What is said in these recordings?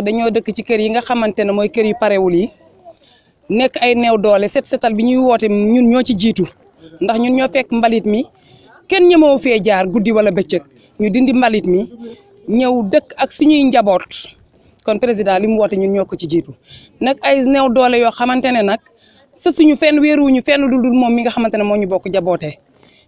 dañoo dëkk ci kër yi nga xamante ne mooy kër yu parewul yi nekk ay néew doole set setal bi ñuy woote ñun ñoo ci jiitu ndax ñun ñoo fekk mbalit mi kenn ñemewu fee jaar guddi wala bëccëg ñu dindi mbalit mi ñëw dëkk ak suñuy njaboot kon président li mu woote ñun ñoo ko ci jiitu nag ay new doole yoo xamante ne nag sa suñu fenn wéeruwuñu fenn dul dul moom mi nga xamante ne moo ñu bokk jabootee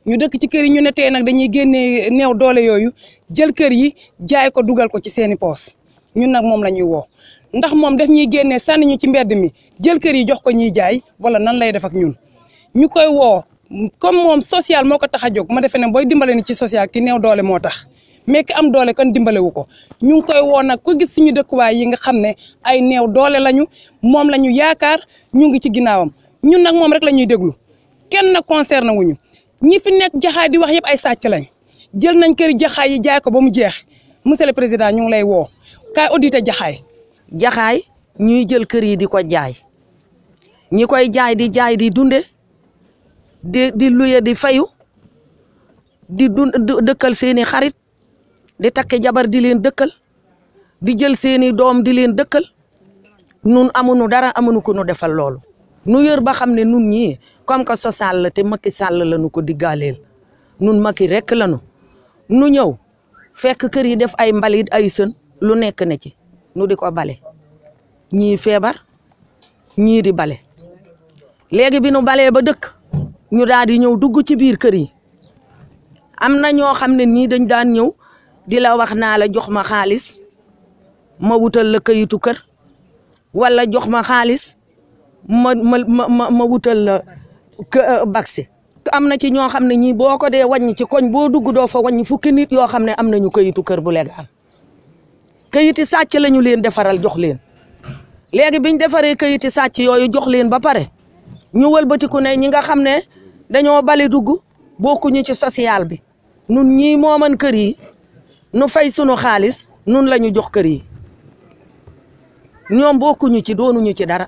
ñu dëkk ci kër yi ñu ne tey nag dañuy génnee néew doole yooyu jël kër yi jaay ko dugal ko ci seeni poos ñun nag moom la ñuy woo ndax moom daf ñuy génnee sànni ñu ci mbedd mi jël kër yi jox ko ñuy jaay wala nan lay def ak ñun ñu koy woo comme moom social moo ko tax a jóg ma defee ne booy dimbale ni ci social ki néew doole moo tax mais ki am doole kan dimbalewu ko ñu ngi koy woo nag ku gis suñu dëkkuwaay yi nga xam ne ay néew doole lañu moom la ñu yaakaar ñu ngi ci ginnaawam ñun nag moom rek la ñuy déglu kenn nag wu ñu ñi fi nekk jaxaay di wax yëpp ay sàcc lañ jël nañ kër jaxaay yi jaay ba mu jeex monsieur le président ñu ngi lay woo kaay audité jaxaay jaxaay ñuy jël kër yi di ko jaay ñi koy jaay di jaay di dunde di luye di fayu di dun dëkkal seeni xarit di takki jabar di leen dëkkal di jël seeni doom di leen dëkkal nun amuñu dara amuñu ko nu defal loolu nu yër ba xam ne nun ñii comme que social la te Macky Sall la nu ko diggaaleel nun Macky rekk la nu ñëw fekk kër yi def ay mbalit ay sën lu nekk na ci nu di ko bale ñii feebar ñii di bale léegi bi nu balee ba dëkk ñu daal di ñëw dugg ci biir kër yi am na ñoo xam ne nii dañ daan ñëw di la wax naa la jox ma xaalis ma wutal la kayitu kër wala jox ma xaalis ma ma ma ma wutal la euh, bagsi am na ci ñoo xam ne ñii boo ko dee wàññi ci koñ boo dugg doo fa wàññi fukki nit yoo xam ne am nañu kayitu kër bu légal kayiti sàcc lañu leen defaral jox leen léegi biñ defaree kayiti sàcc yooyu jox leen ba pare ñu wëlbatiku ne ñi nga xam ne dañoo bale dugg bokkuñu ci social bi nun ñii moo mën kër yi nu fay sunu xaalis nun lañu ñu jox kër yi ñoom bokkuñu ci doonuñu ci dara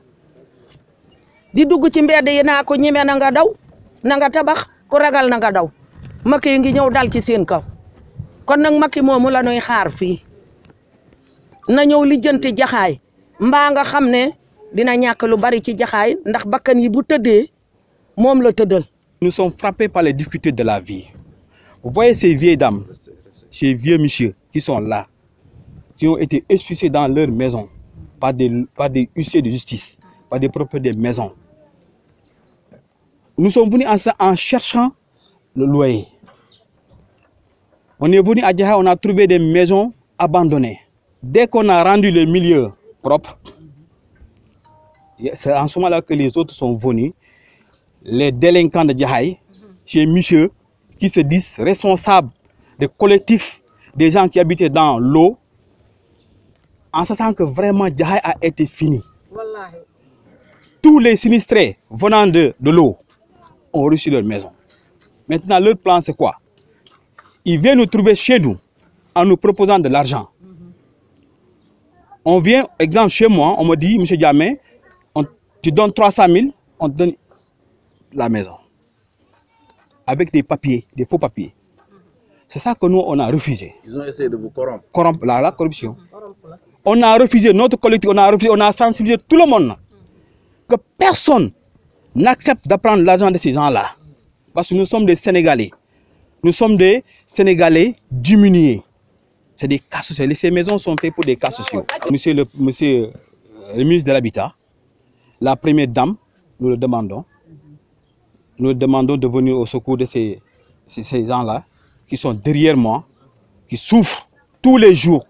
di dugg ci mbedd yi naa ko ñime na nga daw nanga tabax ku ragal na nga daw yi ngi ñëw dal ci seen kaw kon nag Macky moomu la ñuy xaar fii nous sommes frappés par les difficultés de la vie vous voyez ces vieilles dames ces vieux messieurs qui sont là qui ont été expulsés dans leur maison par des par des huissiers de justice par des propriétaires de maisons nous sommes venus en cherchant le loyer on est venu à Djaha, on a trouvé des maisons abandonnées Dès qu'on a rendu le milieu propre, c'est en ce moment-là que les autres sont venus, les délinquants de Djahaï, chez Monsieur, qui se disent responsables des collectifs des gens qui habitaient dans l'eau, en sachant que vraiment Djahaï a été fini. Tous les sinistrés venant de, de l'eau ont reçu leur maison. Maintenant, leur plan, c'est quoi Ils viennent nous trouver chez nous en nous proposant de l'argent. On vient, exemple, chez moi, on me dit, Monsieur Diamé, tu donnes 300 000, on te donne la maison. Avec des papiers, des faux papiers. C'est ça que nous, on a refusé. Ils ont essayé de vous corrompre. Corrompre, la, la corruption. On a refusé, notre collectif, on a refusé, on a sensibilisé tout le monde. Que personne n'accepte d'apprendre l'argent de ces gens-là. Parce que nous sommes des Sénégalais. Nous sommes des Sénégalais diminués. C'est des cas sociaux. Ces maisons sont faites pour des cas sociaux. Monsieur le, monsieur, euh, ministre de l'Habitat, la première dame, nous le demandons. Nous le demandons de venir au secours de ces, ces, ces gens-là qui sont derrière moi, qui souffrent tous les jours